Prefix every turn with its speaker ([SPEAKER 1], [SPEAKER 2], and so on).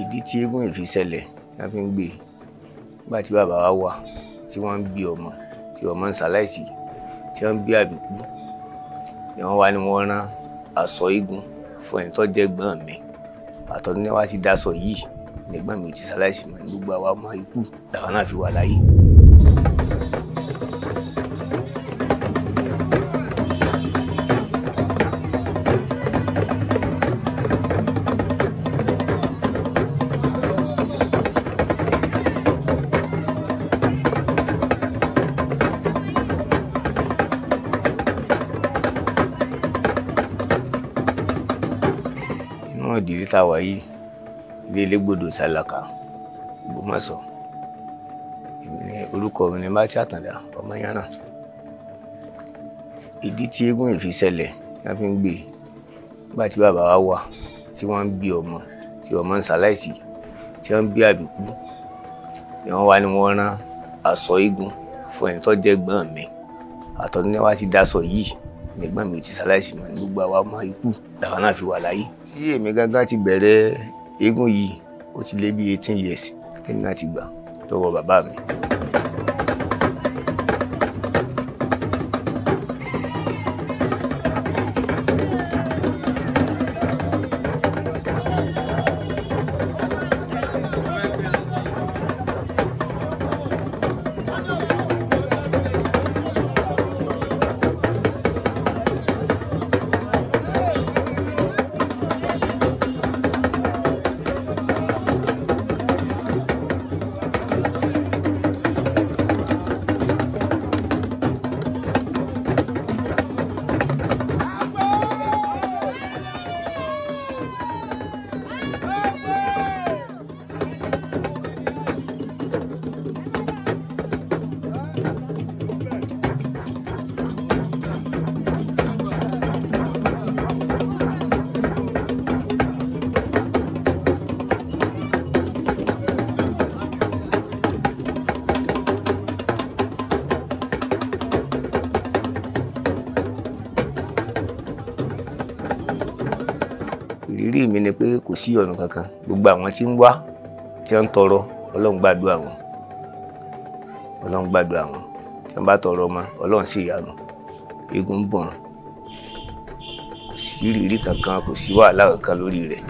[SPEAKER 1] ìdí tí eégún ìfi ṣẹlẹ̀ tí wọ́n fi ń gbé e. nígbà tí bàbá wa wà tí wọ́n ń bí ọmọ tí ọmọ ń ṣaláìsí tí wọ́n ń bí àbíkú ni wọ́n wá ní wọ́n rán aṣọ eégún fún ẹni tó jẹ́ gbọ́n mi àtọ́dún ni wọ́n ti daṣọ yìí nígbà mi ò ti ṣaláìsí mọ́ ní gbogbo àwa ọmọ ikú làwọn náà fi wà láyé. fún ìdílé táwa yìí ilé Elégbòdo Sàlàkà Ògbómọ̀ṣọ́ orúkọ mi ni Matthew Àtàndá Ọmọyánràn ìdí tí eégún yìí fi ṣẹlẹ̀ tí wọ́n fi ń gbé nígbà tí bàbá wa wà tí wọ́n ń bí ọmọ tí ọmọ ń ṣaláìsí tí wọ́n ń bí àbíkú ni wọ́n wá ní wọ́n rán aṣọ eégún fún ẹni tó jẹ́ gbọ́n mi àtọ̀dún ti daṣọ yìí nígbọ́n mi ò ti ṣaláìsí mọ́ ní gbogbo àwa ọmọ ikú làwọn náà fi wà láyé. tí èmi gángan ti bẹ̀rẹ̀ eégún yìí ó ti lé bí eighteen years tèmi náà ti gbà lọ́wọ́ bàbá mi. ìrírí mi ni pé kò sí ọ̀nà kankan gbogbo àwọn tí ń wá tí wọ́n ń tọrọ ọlọ́run gbàdúrà wọn ọlọ́run gbàdúrà wọn tí wọ́n bá tọrọ ọmọ ọlọ́run sì yanu eégún bọ̀n kò sí ìrírí kankan kò sí wàhálà kankan lórí rẹ̀.